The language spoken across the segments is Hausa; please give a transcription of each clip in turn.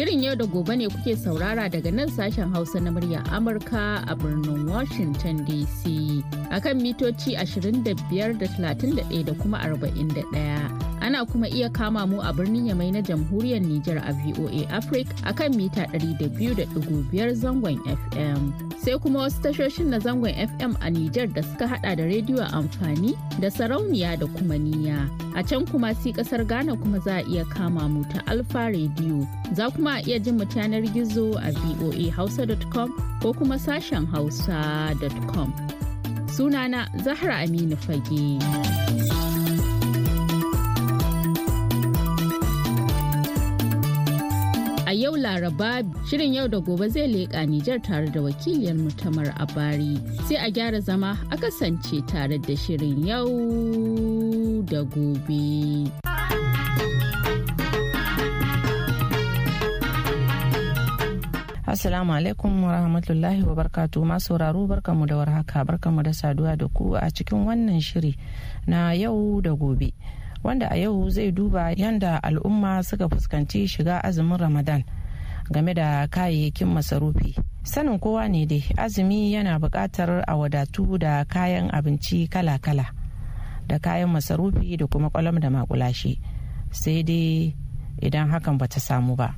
Shirin yau da gobe ne kuke saurara daga nan sashen Hausa na muryar Amurka a birnin Washington DC. Akan mitoci 25 da 31 da kuma 41. Ana kuma iya kama mu a birnin Yamai na Jamhuriyar Nijar a VOA Africa a kan mita 200.5 zangon FM. Sai kuma wasu tashoshin na zangon FM a Nijar da suka hada da rediyo amfani da sarauniya da kuma niya. A can kuma si kasar Ghana kuma za a iya kama mu ta Alfa Radio. Za kuma iya jin mu yanar gizo a voahausa.com ko kuma sashen hausa.com. Sunana Zahra Aminu Fage. a yau Laraba shirin yau da gobe zai leƙa Nijar tare da wakiliyar mutamar a bari. Sai a gyara zama a kasance tare da shirin yau da gobe. Assalamu alaikum wa rahmatullahi wa barkatu masu sauraro barkamu da warhaka barkamu da saduwa da ku a cikin wannan shiri na yau da gobe. wanda a yau zai duba yadda al'umma suka fuskanci shiga azumin Ramadan game da kayayyakin masarufi. Sanin kowa ne dai azumi yana buƙatar a wadatu da kayan abinci kala-kala da kayan masarufi da kuma kwalam da makulashe sai dai idan hakan bata samu ba.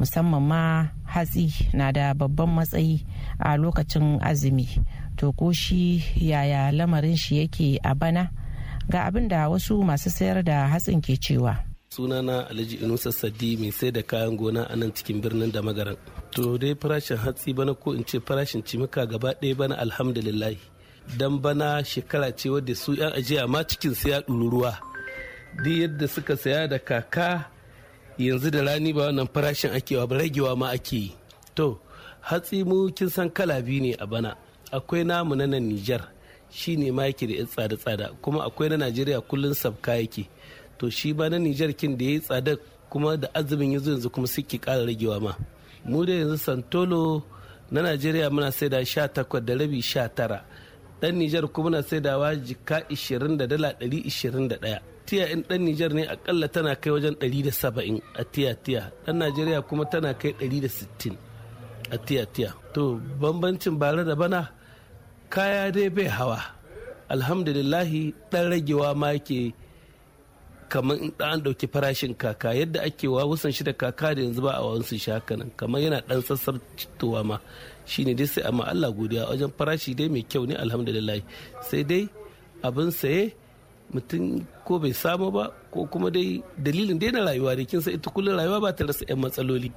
musamman ma hatsi na da babban matsayi a lokacin azumi to ko shi yaya lamarin shi yake a bana ga abin da wasu masu sayar da hatsin ke cewa sunana alhaji inusa sadi mai sai da kayan gona a nan cikin birnin da magaran to dai farashin hatsi bana ko in ce farashin cimika gaba ɗaya bana alhamdulillahi dan bana shekara ce wadda su yan ajiya ma cikin siya ya duk yadda suka saya da kaka yanzu da rani ba wannan farashin ake wa ragewa ma ake yi to hatsi mu kin san kala biyu ne a bana akwai namu na nan nijar shi ne ma yake da yan tsada-tsada kuma akwai na najeriya kullum sabka yake to shi ba na nijar kin da ya yi tsada kuma da azumin yanzu yanzu kuma suke kara ragewa ma mu da yanzu santolo na najeriya muna saida sha takwas da rabi sha tara dan nijar kuma muna saidawa jika ishirin da dala ɗari ishirin da ɗaya tiya in ɗan Nijar ne akalla tana kai wajen da saba'in a tiya tiya dan Najeriya kuma tana kai da sittin a tiya tiya to bambancin ba da bana kaya dai bai hawa alhamdulillahi dan ragewa ma ke kamar in an ɗauki farashin kaka yadda ake wawusan shi da kaka da yanzu ba a wasu shi haka nan kamar yana ɗan sassar tuwa ma shine dai sai amma Allah godiya wajen farashi dai mai kyau ne alhamdulillah sai dai abin saye mutum ko bai samu ba ko kuma dai dalilin dai na rayuwa da kinsa ita kullum rayuwa ba ta rasa 'yan matsaloli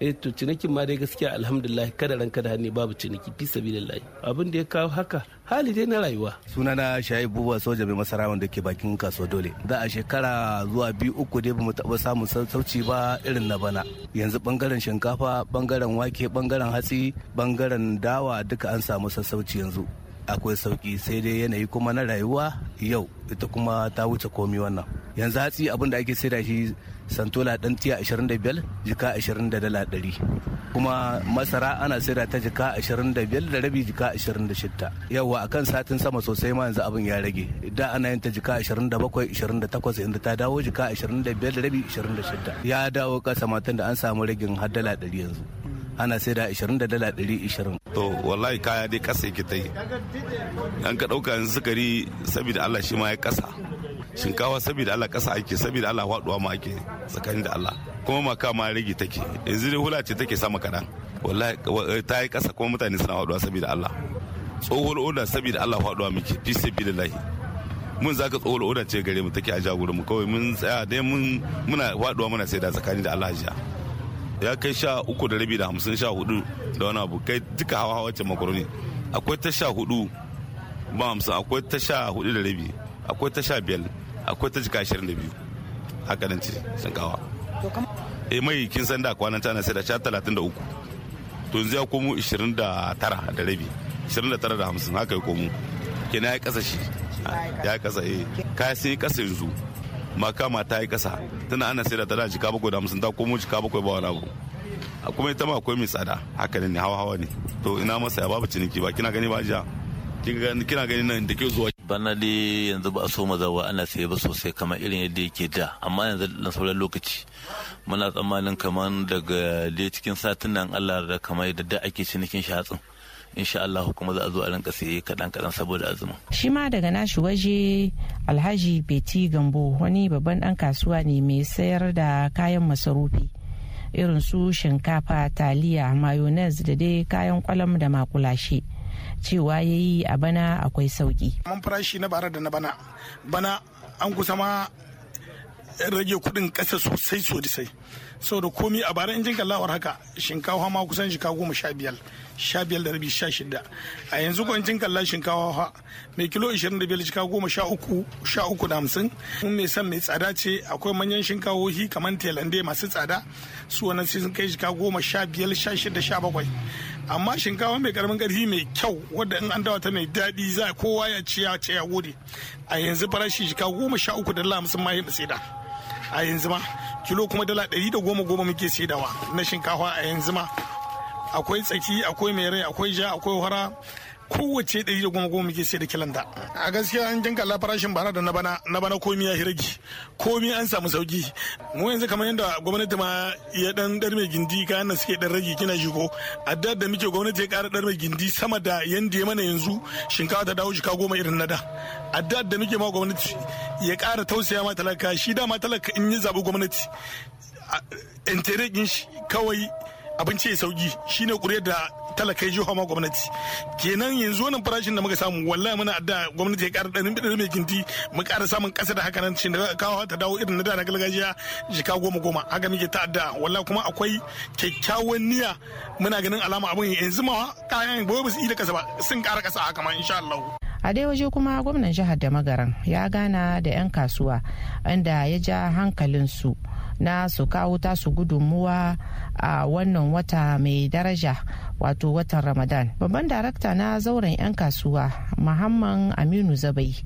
eh to cinikin ma dai gaskiya alhamdulillah kada ranka da hannu babu ciniki fi sabilillahi abin da ya kawo haka hali dai na rayuwa sunana shayi buba soja mai masara wanda ke bakin kasuwa dole za a shekara zuwa biyu uku dai bamu taba samun sauci ba irin na bana yanzu bangaren shinkafa bangaren wake bangaren hatsi bangaren dawa duka an samu sassauci yanzu akwai sauki sai dai yanayi kuma na rayuwa yau ita kuma ta wuce komi wannan yanzu hatsi abin da ake da shi santola dan tiya 25 jika 20 da dala 100 kuma masara ana sai da ta jika 25 da rabi jika 26 a kan satin sama sosai ma yanzu abin ya rage da ana yin ta jika 27 28 inda ta dawo jika 25 da rabi 26 ya dawo kasa matan da an samu ragin har dala 100 yanzu ana sai da 20 da dala 120 to wallahi kaya dai kasa yake ta yi an ka ɗauka yanzu sukari saboda allah shi ma ya kasa shinkawa saboda allah kasa ake saboda allah faɗuwa ma ake tsakanin da allah kuma maka ma rage take yanzu dai hula ce take sama kaɗan wallahi ta yi kasa kuma mutane suna faɗuwa saboda allah tsohuwar oda saboda allah miki muke fi sabi mun za ka tsohuwar oda ce gare mu take a jagoranmu kawai mun tsaya dai muna faɗuwa muna sai da tsakanin da allah jiya ya kai sha uku da rabi da hamsin sha hudu da wani abu kai duka hawa hawa ce makaroni akwai ta sha hudu ba hamsin akwai ta sha hudu da rabi akwai ta sha biyar akwai ta jika ashirin da biyu haka nan ce shinkawa e eh, mai kin san da kwanan na sai da sha talatin da uku to yanzu ya komo ishirin da tara da rabi ishirin da tara da hamsin haka ya komo kenan ya kasa shi ya kasa eh yi kasa yanzu makama ta yi kasa tana ana sai da ta da jika bakwai da hamsin ta komo jika bakwai ba wani abu kuma ita ma akwai mai tsada haka ne hawa hawa ne to ina masa ya babu ciniki ba kina gani ba jiya kina gani nan da ke zuwa bana da yanzu ba a so mazawa ana sai ba sosai kamar irin yadda yake da amma yanzu na sauran lokaci muna tsammanin kamar daga dai cikin satin nan allah da kamar yadda da ake cinikin shatsin insha Allah kuma za a zo a rinka siye kaɗan kaɗan saboda azumin. Shi ma daga nashi waje Alhaji Beti Gambo wani babban ɗan kasuwa ne mai sayar da kayan masarufi. irin su shinkafa taliya mayonnaise da dai kayan kwalam da makulashe cewa ya yi a bana akwai sauki. Mun farashi na bara da na bana. Bana an kusa ma rage kuɗin ƙasa sosai sosai saboda komi a bara injin jin kallawar haka shinkawa ma kusan shika goma sha biyar sha biyar da rabi sha shida a yanzu ko in jin kalla shinkawa ha mai kilo ishirin da biyar shika goma sha uku sha uku da hamsin mun mai san mai tsada ce akwai manyan shinkawohi kamar telande masu tsada su wannan sai sun kai shika goma sha biyar sha shida sha bakwai amma shinkawa mai karamin karfi mai kyau wadda in an dawata ta mai daɗi za kowa ya ciya ce ya gode a yanzu farashi shika goma sha uku da hamsin ma ya masida. a yanzu kilo kuma dala ɗari da goma goma muke saidawa na shinkafa a yanzu akwai tsaki akwai mai rai akwai ja akwai hara kowace ɗari da goma goma muke sai da kilanta a gaskiya an jinka la farashin bana da na bana na bana komi ya hirage komi an samu sauki mu yanzu kamar yadda gwamnati ma ya dan dar mai gindi kayan nan suke dan rage kina shigo a da da muke gwamnati ya ƙara dar mai gindi sama da yanda ya mana yanzu shinkafa ta dawo shika goma irin na da a da da muke ma gwamnati ya ƙara tausaya ma talaka shi da ma talaka in yi zaɓi gwamnati entere shi kawai abinci ya sauki shine kuriyar da talakai jiho ma gwamnati kenan yanzu wannan farashin da muka samu wallahi muna adda gwamnati ya kara ɗanin biɗar mai ginti mu ƙara samun ƙasa da haka nan cin da kawo ta dawo irin na da na gargajiya jika goma goma haka muke adda wallahi kuma akwai kyakkyawan niyya muna ganin alama abin yanzu ma kayan ba ba su yi da ba sun ƙara kasa haka ma insha Allah. a dai waje kuma gwamnan jihar da magaran ya gana da 'yan kasuwa inda ya ja su. na su kawo tasu gudunmuwa a wannan wata mai daraja wato watan ramadan babban darakta na zauren 'yan kasuwa muhammad aminu zabai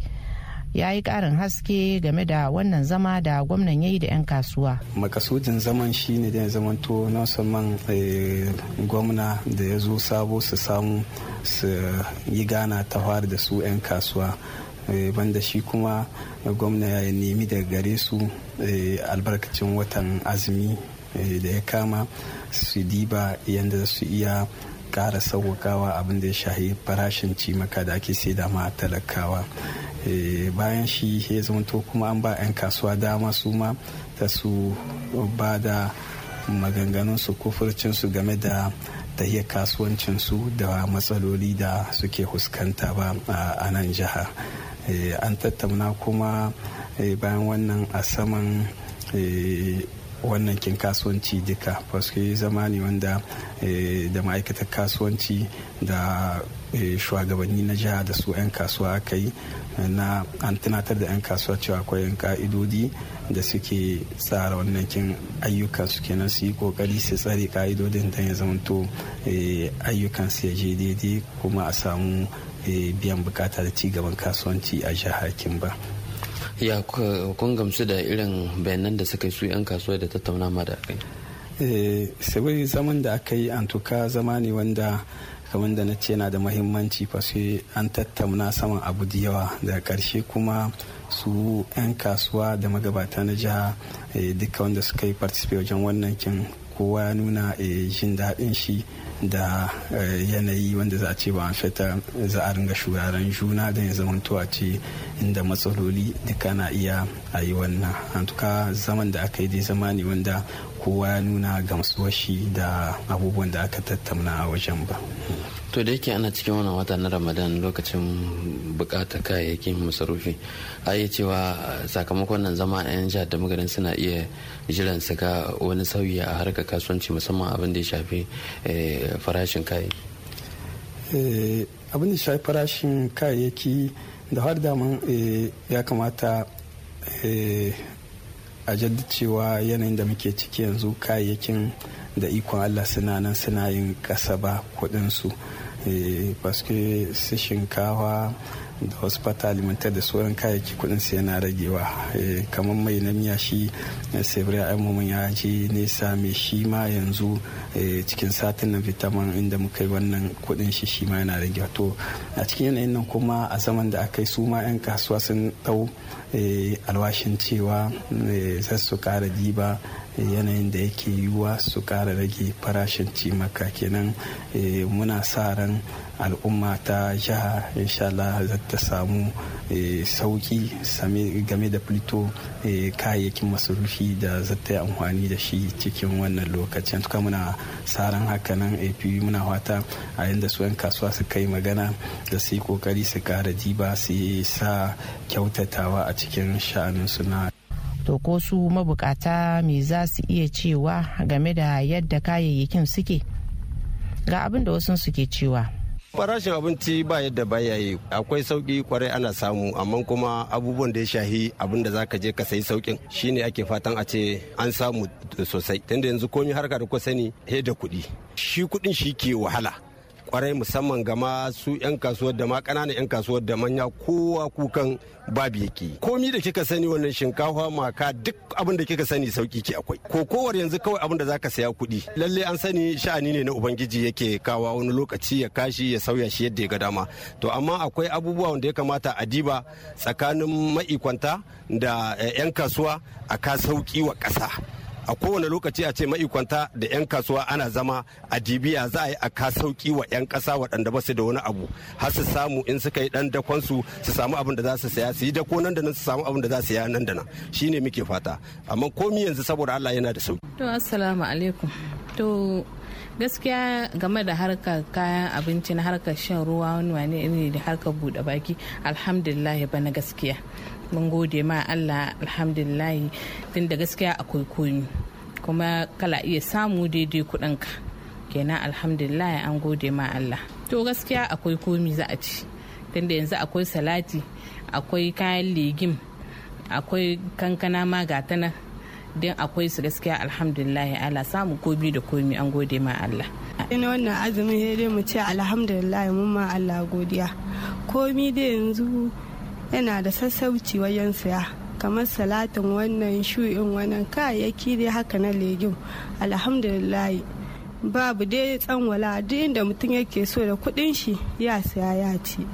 ya yi karin haske game da wannan zama da gwamnan yayi da 'yan kasuwa. makasudin zaman shi ne da ya zamanto na musamman eh, gwamna da ya zo sabo su samu su yi gana ta da su 'yan kasuwa Eh, banda shi kuma gwamna ya nemi daga gare su eh, albarkacin watan azumi eh, da ya kama su diba yadda su iya kara sauwakawa abin da ya shahi farashin cimaka da ake da ma talakawa bayan shi ya zamanto kuma an ba 'yan kasuwa dama su ma ta su ba da maganganunsu ko su game da iya kasuwancinsu da matsaloli da suke huskanta ba a nan jiha eh, an tattauna kuma eh, bayan wannan a saman eh, wannan kin kasuwanci duka paske zama ne wanda eh, da ma'aikatar kasuwanci da eh, shugabanni na jiha da su 'yan kasuwa aka yi na an tunatar da 'yan kasuwa cewa akwai yin ka'idodi da suke tsara wannan kin ayyukan su kenan su yi kokari su tsare ka'idodin don ya zamanto eh, ayyukan su ya je daidai kuma a samu biyan bukata da ci gaban kasuwanci a jiha ba ya kun gamsu da irin bayanan da suka su 'yan kasuwa da tattauna ma da kai eh, sai zaman da aka yi an tuka zama ne wanda kamar da na ce na da mahimmanci fa sai an tattauna saman abu da yawa daga karshe kuma su 'yan kasuwa da magabata na jiha eh, duka wanda suka yi participate wajen wannan kin kowa ya nuna eh, jin daɗin shi da eh, yanayi wanda za a ce ba fita za a ringa shuraren juna don ya zama a ce inda matsaloli duka na iya a yi wannan an tuka zaman da aka yi dai zama ne wanda kowa ya nuna gamsuwar shi da abubuwan da aka tattauna a wajen ba to da yake ana cikin wannan wata na ramadan lokacin bukata kayayyakin masarufi a yi cewa eh, sakamakon nan zama yan jihar da magarin suna iya jiran su wani sauyi a harkar kasuwanci musamman abin da ya shafi eh, farashin kayi. Eh, abin da shafi farashin kayayyaki da har daman ya kamata a jaddacewa yanayin da muke ciki yanzu kayayyakin da ikon allah suna nan suna yin kasa ba kudinsu su que eh, su shinkawa da wasu fata alimantar da sauran kayayyaki kudin su yana ragewa eh, kamar mai na miya shi sebira ai mun ya je nesa mai shi ma yanzu eh, cikin satin na vitamin inda muka yi wannan kudin shi shi ma yana ragewa to a cikin yanayin nan kuma a zaman da aka yi su ma 'yan kasuwa sun dau alwashin cewa za su kara diba yanayin da yake yiwuwa su kara rage farashin cimaka kenan eh, muna sa ran al'umma ta jiha inshallah za ta samu eh, sauki game da fito eh, kayayyakin masarufi da za ta yi amfani da shi cikin wannan lokacin tuka muna sa ran haka nan apu muna wata a yadda su 'yan kasuwa su kai magana da su yi kokari su kara jiba su yi sa kyautatawa a cikin sha'anin suna to ko su mabukata me za su iya cewa game da yadda kayayyakin suke ga abin da wasu suke cewa farashin abinci ba yadda ba yi akwai sauki kwarai ana samu amma kuma abubuwan da ya shahi abin da zaka je ka sayi saukin shine ake fatan a ce an samu sosai tunda yanzu komai harka da sani he da kuɗi shi kuɗin shi ke wahala kwarai musamman ga masu su 'yan kasuwar da ma kananan 'yan kasuwar da manya kowa kukan babu yake komi da kika sani wannan shinkafa maka duk abin da kika sani sauki ke akwai ko kowar yanzu kawai abin da zaka saya kuɗi lalle an sani sha'ani ne na ubangiji yake kawa wani lokaci ya kashi ya sauya shi yadda ya ga dama to amma akwai abubuwa wanda ya kamata a diba tsakanin ma'ikwanta da eh, 'yan kasuwa a ka sauki wa ƙasa a kowane lokaci a ce ma'ikwanta da 'yan kasuwa ana zama a dibiya za a yi a kasauki wa 'yan kasa waɗanda ba su da wani abu har su samu in suka yi ɗan dakonsu su su samu abin da za su saya su yi dako nan da nan su samu abin da za su saya nan da nan shi ne muke fata amma komi yanzu saboda Allah yana da sauki to assalamu alaikum to gaskiya game da harkar kayan abinci na harkar shan ruwa wani wani ne da harkar buɗe baki alhamdulillah bana gaskiya mun gode ma allah alhamdulillahi tun da gaskiya akwai komi kuma kala iya samu daidai kuɗinka kenan alhamdulillah an gode ma allah to gaskiya akwai komi za a ci da yanzu akwai salati akwai kayan legim akwai kankana ma gatanan din akwai su gaskiya alhamdulillah Allah samu komi da komi an gode ma Allah. Ina wannan azumin dai mu ce alhamdulillah mun ma Allah godiya. Komi da yanzu yana da sassauci wajen siya kamar salatin wannan shu'in wannan kayayyaki dai haka na legim alhamdulillah babu dai tsanwala duk inda mutum yake so da kudin shi ya siya ya ci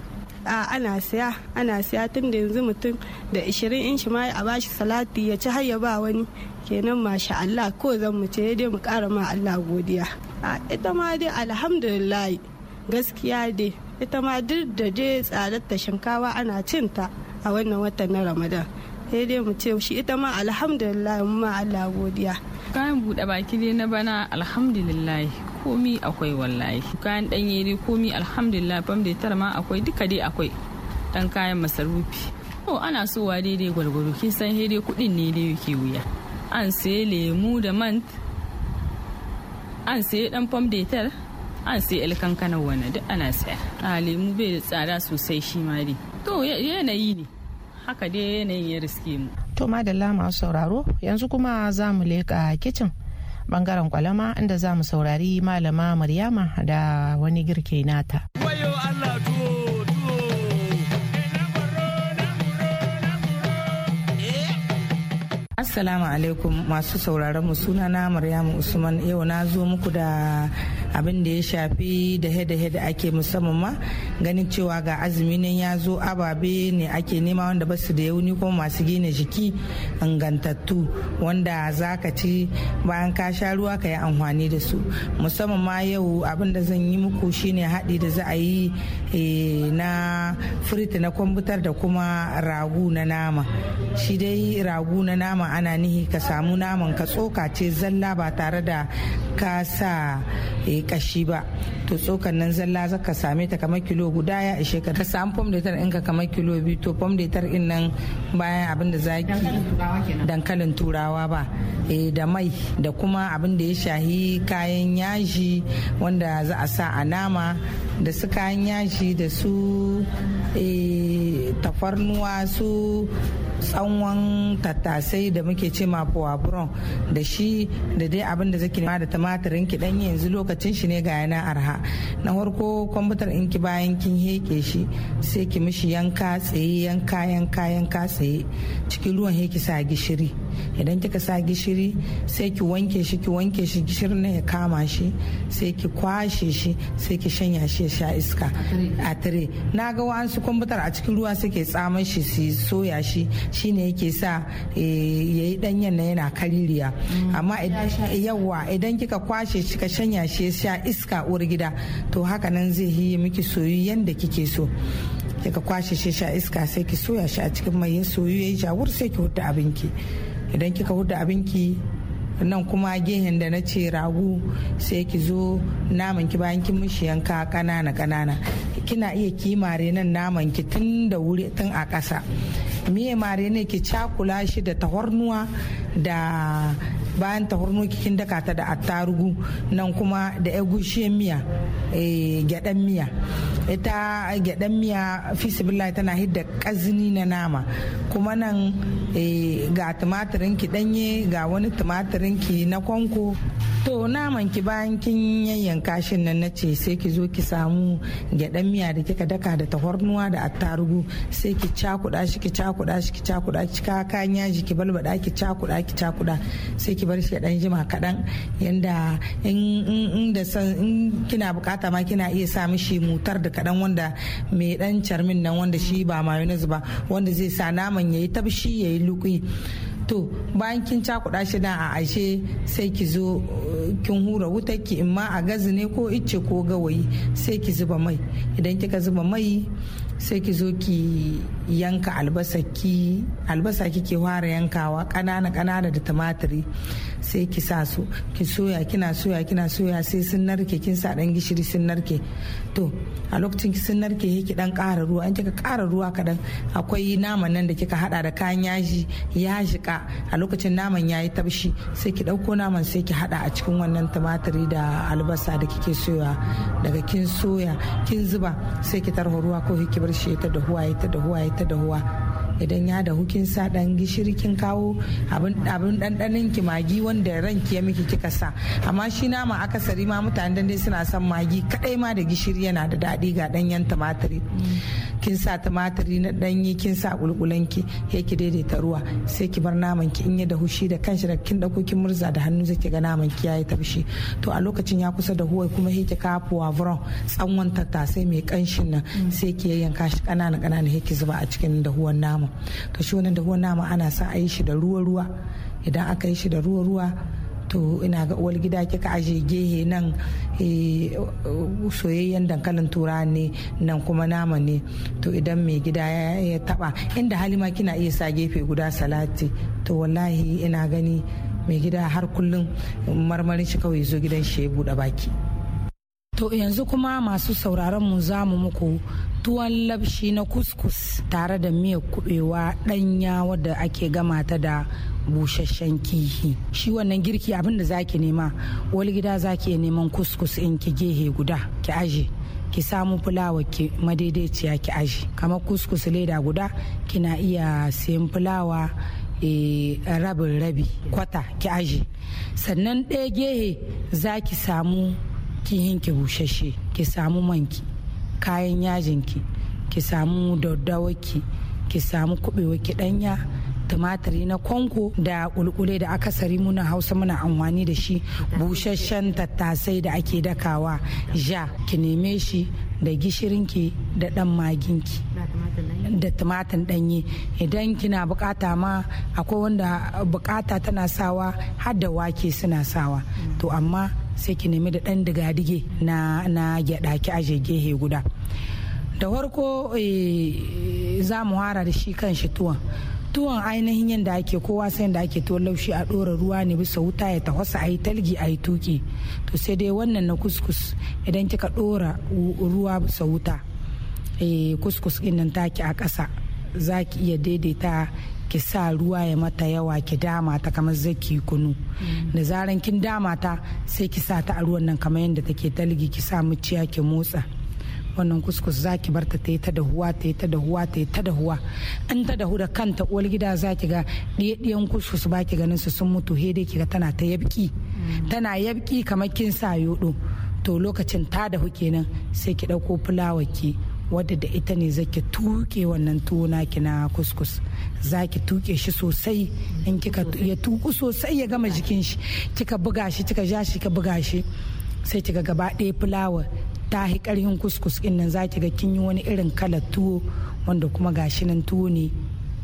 a ana siya ana siya tun da yanzu mutum da 20 inci ma a bashi salati ya ci har ya ba wani kenan masha Allah ko zan mu ce dai mu kara ma Allah godiya a ita ma dai alhamdulillah gaskiya dai ita ma duk da dai tsadar ta shinkawa ana cin ta a wannan watan na ramadan sai dai mu ce shi ita ma alhamdulillah mu ma Allah godiya kayan buɗe baki dai na bana alhamdulillah komi akwai wallahi kayan danye dai komi alhamdulillah fam da tarma ma akwai duka dai akwai dan kayan masarufi to ana sowa dai gwargwaro kin san dai kuɗin ne dai yake wuya an sai lemu da man an sai dan fam da an sai alkankanar wani duk ana saya a lemu bai da tsada sosai shi ma dai to yanayi ne haka dai yanayin ya riske mu to madalla masu sauraro yanzu kuma za mu leƙa kicin bangaren kwalama inda za mu saurari malama maryama da wani girke nata Assalamu alaikum masu sauraron mu suna na Maryamu Usman yau na zo muku da abin da ya shafi da hede da ake musamman ma ganin cewa ga azumi ne ya zo ababe ne ake nema wanda ba su da yauni kuma masu gina jiki ingantattu wanda za ka ci bayan ka sha ruwa ka yi amfani da su musamman ma yau abin da zan yi muku shine haɗi da za a yi eh, na firiti na kwambutar da kuma ragu na nama shi dai ragu na nama ana ana nihi ka samu naman ka tsoka ce zalla ba tare da ka sa eh, kashi ba to tsokan nan zalla za ka same ta kamar kilo guda ya ishe ka ka samu fom da in ka kamar kilo biyu to fom da in nan bayan abin da zaki dankalin turawa ba e da mai da kuma abin da ya shahi kayan yaji wanda za a sa a nama da su kayan yaji da su eh, tafarnuwa su tsawon tattasai da muke ce ma puwabron da shi da dai abin da zaki nema da tumatirin ki dan yanzu lokacin shi ne ga yana arha na farko kwamfutar in ki bayan kin heke shi sai ki mishi yanka tsaye yanka yanka yanka tsaye cikin ruwan heki sa gishiri idan kika sa gishiri sai ki wanke shi ki wanke shi gishirin ya kama shi sai ki kwashe shi sai ki shanya shi ya sha iska a tare na ga wa'ansu kwamfutar a cikin ruwa suke tsaman shi su soya shi shine yake sa eh, yayi danyen na yana kaririya mm. amma yawa idan kika kwashe shi ka shanya shi sha iska uwar gida to haka nan zai yi miki soyu yanda kike so kika kwashe shi sha iska sai ki soya shi a cikin mai ya soyu yayi jawur sai ki huta abinki idan kika huta abinki nan kuma gehen da na ce ragu sai ki zo naman ki bayan kin mishi yanka kanana kanana kina iya kimare nan naman ki tun da wuri tun a ƙasa miye mare ne ki cakula shi da tahornuwa da bayan tahornuwa kikin daka ta da attarugu nan kuma da egushiyar miya eh, gyaɗan miya ita gyaɗan miya fisibillah tana hidda kazini na nama kuma nan eh, ga tumatirin ki ɗanye ga wani tumatirin ki na kwanko to naman ki bayan kin yayyanka shin nan na ce sai ki zo ki samu gyaɗan miya da kika daka da tahornuwa da attarugu sai ki cakuda shi ki cakuda shi ki cakuda ki ka kayan yaji ki balbaɗa ki cakuda ki cakuda sai ki bar shi ya dan jima kaɗan yanda in da in kina bukata ma kina iya sa mishi mutar da kaɗan wanda mai dan min nan wanda shi ba mayonnaise ba wanda zai sa naman yayi tabshi yayi lukui. to bayan kin cakuɗa shi dan a ashe sai ki zo eh, kin hura wutar ki in ma a gazi ne ko icce ko gawayi sai ki zuba mai idan kika zuba mai sai ki zo ki yanka albasa ki albasa kike fara yankawa ƙanana ƙanana da tumatiri sai ki sa su ki soya kina soya kina soya sai sun narke kin sa dan gishiri sun narke to a lokacin ki sun narke ki dan ƙara ruwa in kika ƙara ruwa kadan akwai naman nan da kika hada da kayan yaji ya shika a lokacin naman yayi tabshi sai ki ɗauko naman sai ki hada a cikin wannan tumatiri da albasa da kike soya daga kin soya kin zuba sai ki tarho ruwa ko ki barshe ta dahuwa ya ta dahuwa ya ta dahuwa idan ya da hukin sa dan gishiri kin kawo abin dandanin ki magi wanda ranki ya miki kika sa amma shi nama akasari ma mutane dan suna son magi kadai ma da gishiri yana da daɗi ga danyen tumatiri kin sa tumatiri na danyi kin sa kulkulan ki ya ki daidaita ruwa sai ki bar naman ki in ya da hushi da kanshi da kin dauko kin murza da hannu zaki ga naman ki yayi tabshi to a lokacin ya kusa da huwa kuma yake ka poivron tsanwan tattasai mai kanshin nan sai ki yayyanka shi kanana kanana yake zuba a cikin dahuwan nama namu to shi nama ana sa a yi shi da ruwa ruwa idan aka yi shi da ruwa ruwa to ina ga uwar gida kika aje gehe nan eh, soyayyen dankalin tura ne nan kuma nama ne to idan mai gida ya taba inda halima kina iya sa gefe guda salati to wallahi ina gani mai gida har kullum marmarin shi kawai zo gidan shi ya bude baki to yanzu kuma masu sauraron mu za mu muku tuwon labshi na kuskus tare da miyar kubewa ɗanya wadda ake gama ta da busasshen kihi shi wannan girki abin da zaki nema wani gida zaki neman kuskus in ki gehe guda ki aje ki samu fulawa ki madaidaiciya ki aje kamar kuskus leda guda kina iya sayan fulawa e, rabin rabi kwata ki aje sannan ɗaya gehe zaki samu kihin ki bushashe ki samu manki kayan yajinki ki samu daddawaki ki samu ki ɗanya tumatiri na kwanko da kulkule da akasari muna hausa muna amfani da shi busasshen tattasai da ake dakawa ja ki neme shi da gishirinki da dan maginki da tumatin danye idan kina bukata ma akwai wanda bukata tana sawa har da wake suna sawa to amma sai ki nemi da ɗan diga-dige na gyaɗa ki aje gehe guda da farko eh, za mu hara da shi kan shi tuwon tuwon ainihin yadda ake kowa sai da ake tuwon laushi a ɗora ruwa ne bisa wuta ya tafasa a yi talgi a yi tuki to sai dai wannan na kuskus idan kika ɗora ruwa bisa wuta eh, kuskus ɗin nan taki a ƙasa za ki iya daidaita ki sa ruwa ya mata yawa ki dama ta kamar zaki kunu mm. da zaran kin dama ta sai ki sa ta a ruwan nan kamar yadda take talgi ki sa muciya ki motsa wannan kuskus za ki bar ta ta yi ta dahuwa ta yi ta dahuwa ta yi ta dahuwa in ta dahu da kanta uwar gida za ki ga ɗiyaɗiyan kuskus ba ki ganin su sun mutu he dai ki ga tana ta yabki mm. tana yabki kamar kin sa yodo to lokacin ta dahu kenan sai ki ɗauko fulawa ki wadda da ita ne zaki tuke wannan tuwo naki na kuskus za ki tuke shi sosai in kika ya tuku sosai ya gama jikin shi kika buga shi kika ja shi kika buga shi sai kika gaba ɗaya fulawa ta hi ƙarhin kuskus ɗin nan za ki ga kin yi wani irin kalar tuwo wanda kuma gashi nan tuwo ne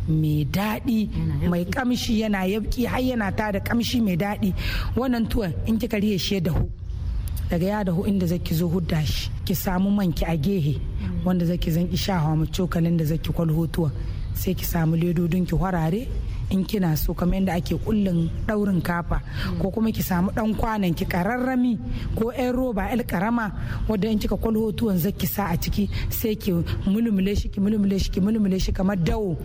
mai daɗi mai kamshi yana yabki har yana ta da kamshi mai daɗi wannan tuwon in kika riye shi da hu daga ya dahu inda zaki zo hudda shi ki samu manki a gehe wanda zaki zanki shahawa mu cokalin da zaki kwalhotuwa sai ki samu ledodin ki hwarare in kina so kamar yadda ake kullun daurin kafa ko kuma ki samu dan kwanan ki kararrami ko yan roba el karama wanda in kika kwalho tuwon zaki sa a ciki sai ki mulmule shi ki mulmule shi ki mulmule shi kamar dawo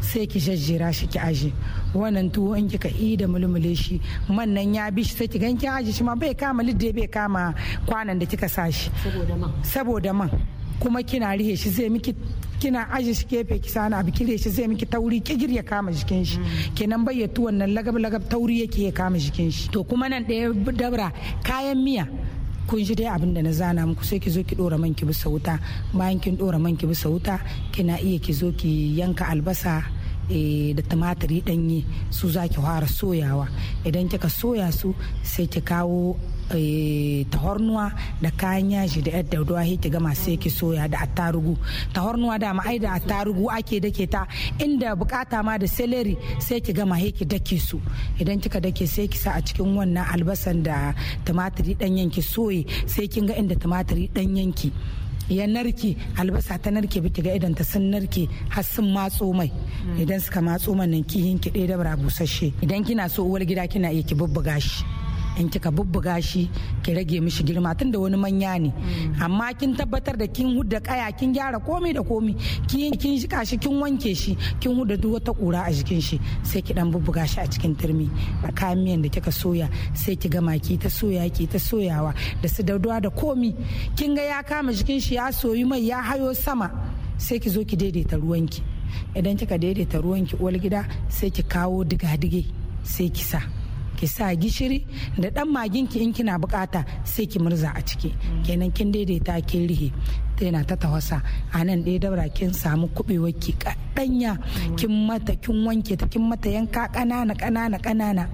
sai ki jajjera shi ki aje wannan tuwo in kika yi da mulmule shi man nan ya bi shi sai ki gan aje shi ma bai kama lidde bai kama kwanan da kika sa shi saboda man kuma kina rihe shi zai miki kina aje shi gefe ki sana abu kire shi zai miki tauri kigir ya kama jikin shi kenan bayyatu wannan lagab lagab tauri yake ya kama jikin shi to kuma nan ɗaya dabra kayan miya kun ji dai abin da na zana muku sai ki zo ki dora man ki bisa wuta bayan kin dora man ki bisa wuta kina iya ki zo ki yanka albasa eh, da tumatiri ɗanye su zaki ki fara soyawa idan kika soya su sai ki kawo Eh, tahornuwa da kayan yaji da yar daudawa yake gama sai yake soya da attarugu tahornuwa da ma da attarugu ake dake ta inda bukata ma da celery sai ki gama yake dake su idan kika dake sai ki sa a cikin wannan albasan da tumatiri danyen ki soye sai kin ga inda tumatiri danyen ki ya narke albasa ta narke biki ga idan ta sun narke har sun matso mai idan suka matso man nan kihin ki ɗaya dabara busasshe idan kina so uwar gida kina iya ki bubbuga shi in kika bubbuga shi ki rage mishi girma tun da wani manya ne amma kin tabbatar da kin hudda kaya kin gyara komi da komi kin shika shi kin wanke shi kin hudda duk wata kura a jikin shi sai ki dan bubbuga shi a cikin turmi a kayan miyan da kika soya sai ki gama ki ta soya ki ta soyawa da su daudawa da komi kin ga ya kama jikin shi ya soyi mai ya hayo sama sai ki zo ki daidaita ruwanki idan kika daidaita ruwanki uwar gida sai ki kawo diga-dige sai ki sa ki sa gishiri da dan magin in kina bukata sai ki murza a ciki kenan kin daidaita kin rihe yana ta tawasa a nan ɗaya daura kin samu kuɓewar ki kaɗanya kin mata kin wanke ta kin mata yanka ƙanana ƙanana ƙanana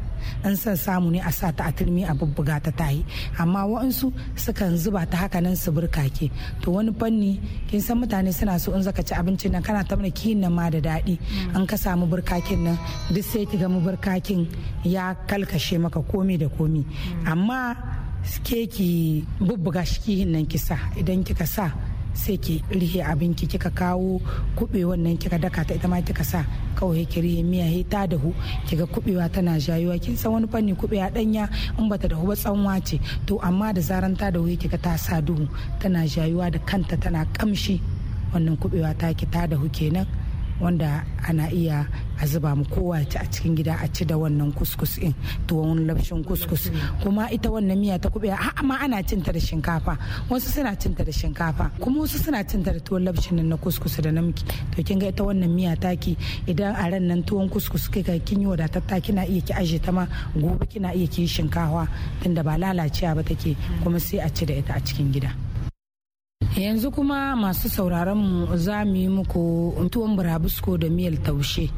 in son samu ne a sa ta a turmi a bubbuga ta tayi amma wa'ansu sukan zuba ta haka nan su ke to wani fanni kin san mutane suna so in zaka ci abincin nan kana mana kiyin nan ma da daɗi mm. an ka samu burkakin nan duk sai ki ga mu burkakin ya kalkashe maka komi da komi mm. amma keki bubbuga shi kiyin nan kisa idan kika sa sai ki rihe abin ki kika kawo kube wannan kika daka ta ita ma kika sa kawai ki rihe miya he ta dahu kiga kubewa tana jayuwa kin san wani fanni kubewa danya in bata dahu ba tsanwa ce to amma da zaran ta dahu kika ta sa duhu tana jayuwa da kanta tana kamshi wannan kubewa ta ki ta dahu kenan wanda ana iya a zuba mu kowa a cikin gida a ci da wannan kuskus in tuwon lafshin kuskus kuma ita wannan miya ta kube a ma ana cin ta da shinkafa wasu suna cin ta da shinkafa kuma wasu suna cin ta da tuwon lafshin na kuskus da namki to kin ga ita wannan miya taki idan a ran nan tuwon kuskus kai ka kin yi wadatatta kina iya ki aje ta ma gobe kina iya ki shinkafa tunda ba lalacewa ba take kuma sai a ci da ita a cikin gida. yanzu kuma masu sauraron mu za mu yi muku tuwon burabusko da miyar taushe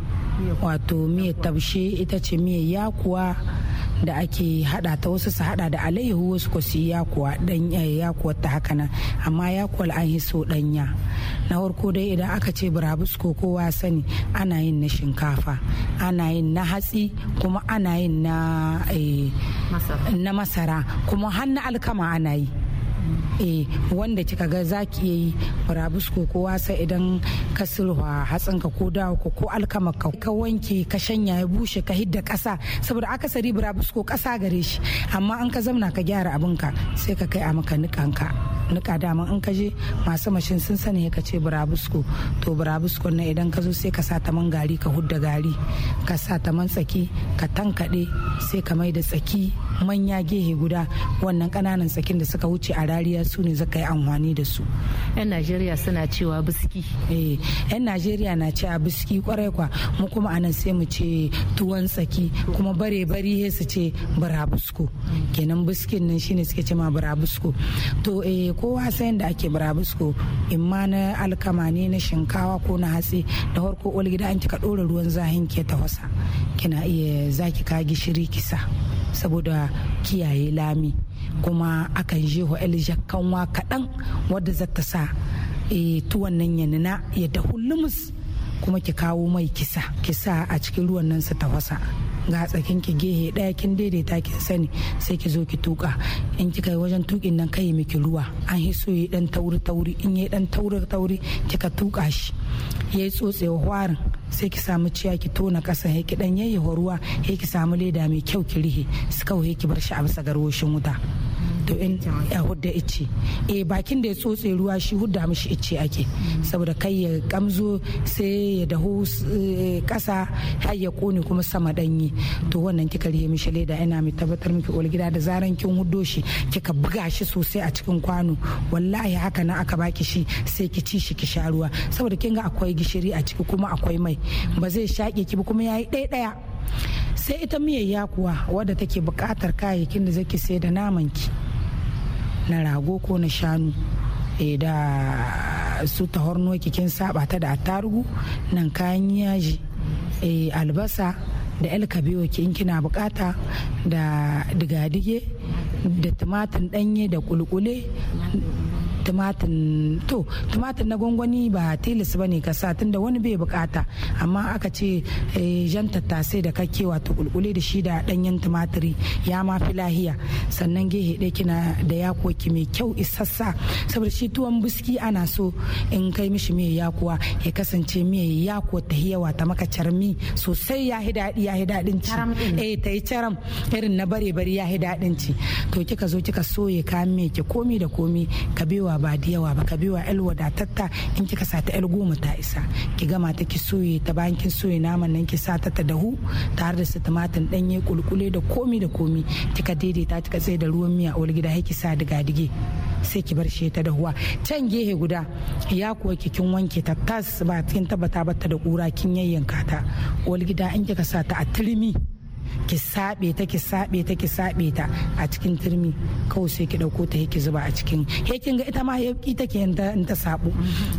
wato miyar taushe ita ce miyar yakuwa da ake hada ta wasu su hada da alayyahu wasu ko su yakuwa dan eh, yakuwa ta haka nan amma yakuwal an hiso danya na farko dai idan aka ce burabusko kowa sani ana yin na shinkafa ana yin na hatsi kuma ana yin na eh, masara kuma har alkama ana yi eh wanda kika ga zaki yi barabusko ko wasa idan ka sulwa hatsin ka ko dawo ko alkama ka ka wanke ka shanya ya bushe ka hidda kasa saboda akasari burabusko kasa gare shi amma an ka zamna ka gyara abinka sai ka kai a maka nikanka nika dama in ka je masu mashin sun sani ka ce burabusko to burabusko na idan ka zo sai ka sa taman gari ka hudda gari ka sa taman tsaki ka tankaɗe sai ka mai da tsaki manya gehe guda wannan kananan tsakin da suka wuce a rariya su ne zaka yi amfani da su yan najeriya suna cewa biski eh yan najeriya na cewa biski kwarai kwa mu kuma anan sai mu ce tuwon tsaki kuma bare bari he su ce burabusko kenan biskin nan shine suke ce ma burabusko to eh kowa wasan da ake burabusko in ma na alkama ne na shinkawa ko na hatsi da farko olgida gida an kika ɗora ruwan zahin ke tafasa kina iya zaki ka gishiri kisa saboda kiyaye lami kuma akan je ho'el wa kaɗan wadda za ta sa eh, tuwon nan ya nuna ya da hulumus kuma ki kawo mai kisa kisa a cikin ruwan nan su tafasa ga tsakin ki gehe ɗaya kin daidaita kin sani sai ki zo ki tuka in kika yi wajen tukin nan kai miki ruwa an so yi dan tauri tauri in yi dan tauri tauri kika tuka shi yayi tsotse hwarin sai ki samu ciya ki tona kasa he ki dan yayyawa ruwa he ki samu leda mai kyau ki rihe su kawai ki bar shi a bisa garwoshin wuta wato in ya hudda ice eh bakin da ya tsotse ruwa shi hudda mishi ice ake saboda kai ya kamzo sai ya dahu kasa eh, har ya kone kuma sama danyi to wannan kika rihe mishi leda ina mai tabbatar miki gida da zaran kin huddo shi kika buga shi sosai a cikin kwano wallahi haka na aka baki shi sai ki ci shi ki sha ruwa saboda kin ga akwai gishiri a ciki kuma akwai mai ba zai shaƙe ki ba kuma yayi ɗaya ɗaya sai ita miyayya kuwa wadda take buƙatar kayayyakin da zaki sai da naman ki na rago ko na shanu eh, da su horno kikin saba ta da attarugu nan kayan yaji eh, albasa da alkabewa in kina bukata da digadige da tumatin danye da kulkule tumatin to tumatin na gwangwani ba tilis ne ka sa tunda wani bai bukata amma aka ce eh, jan tattasai da kake wato kulkule da shi da danyen tumatiri ya ma fi lahiya sannan gehe ɗaya kina da yakoki mai kyau isassa saboda shi tuwon biski ana so in kai mishi mai yakuwa ya kasance mai yakuwa ta hiyawa ta maka carmi sosai ya hi daɗi ya hi daɗin ci eh ta yi caram irin na bare bare ya hi daɗin ci to kika zo kika soye ka mai ki komi da komi ka bewa ba da yawa ba ka wa el wadatatta in kika sa ta el goma ta isa ki gama ta ki soye ta bayan kin soye naman nan ki sa ta ta dahu tare da su tumatir danye kulkule da komi da komi kika daidaita kika tsaye da ruwan miya a gida ki sa diga dige sai ki bar shi ta dahuwa can gehe guda ya kuwa kin wanke ta tas ba kin tabbata ba ta da kura kin yayyanka ta wal gida in kika sa ta a turmi ki sabe ta ki sabe ta ki sabe ta a cikin turmi kawai sai ki dauko ta ki zuba a cikin hekin ga ita ma yauki take in ta sabo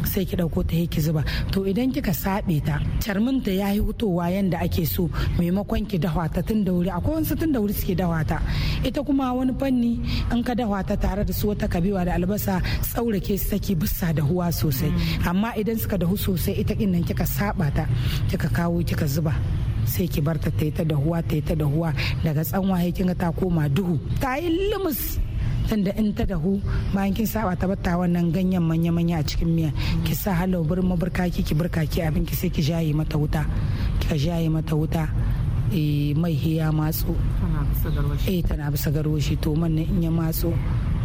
sai ki dauko ta ki zuba to idan kika sabe ta charmin ta yi hutowa yanda ake so maimakon ki dawa ta tun da wuri akwai wasu tun da wuri suke dawa ta ita kuma wani fanni in ka dawa ta tare da su wata kabewa da albasa tsaurake su saki bisa da huwa sosai amma idan suka dahu sosai ita kinan kika saba ta kika kawo kika zuba sai ki barta ta yi ta dahuwa ta yi ta dahuwa daga tsanwa kin ga ta koma duhu ta yi limus tunda in ta dahu bayan kin saba ta batta wannan ganyen manya-manya a cikin miya ki sa halau burin maburkaki ki burkaki abin ki sai ki jaye mata wuta kika jaye mata wuta eh, mai hiya matso eh tana bisa garwashi to man in ya matso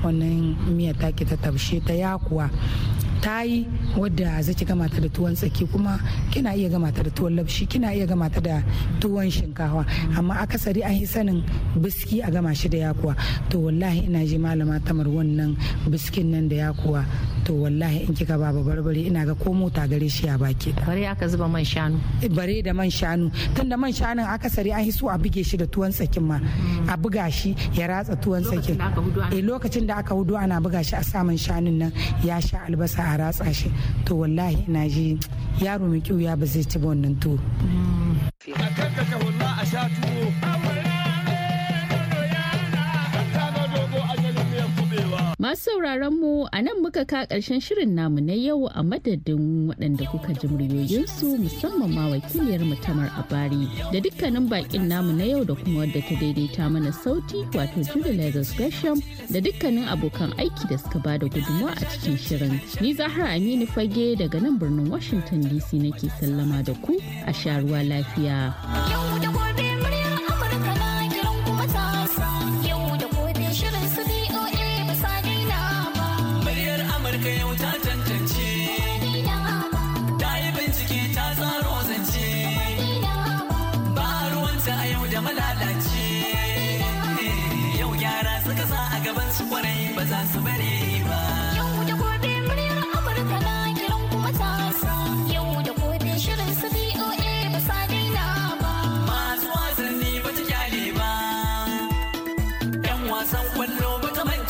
wannan miya ta ki ta tabshe ta ya ta yi wadda zaki gama ta da tuwon tsaki kuma kina iya gama ta da tuwon labshi kina iya gama ta da tuwon shinkawa amma akasari an yi sanin biski a gama shi da yakuwa to wallahi ina ji malama tamar wannan biskin nan da yakuwa to wallahi in kika ba barbare ina ga ko mota gare shi ya baki bare aka zuba man shanu bare da man shanu tunda man shanun akasari an hiso a buge shi da tuwon tsakin ma a buga shi ya ratsa tuwon tsakin eh lokacin da aka hudu ana buga shi a saman shanun nan ya sha albasa a ratsa shi to wallahi ina ji yaro mai kiyu ya ba zai ci ba wannan tuwo a sha tuwo Masu sauraron mu a nan muka ka ƙarshen shirin namu na yau a madadin waɗanda kuka ji muryoyinsu musamman ma wakiliyar mutamar abari da dukkanin bakin namu na yau da kuma wadda ta daidaita mana sauti wato jude Gresham da dukkanin abokan aiki da suka bada gudunmawa a cikin shirin. Ni Zahra Aminu Fage daga nan birnin Washington DC nake sallama da ku a sha ruwa lafiya. Yau da gobe cause I bad.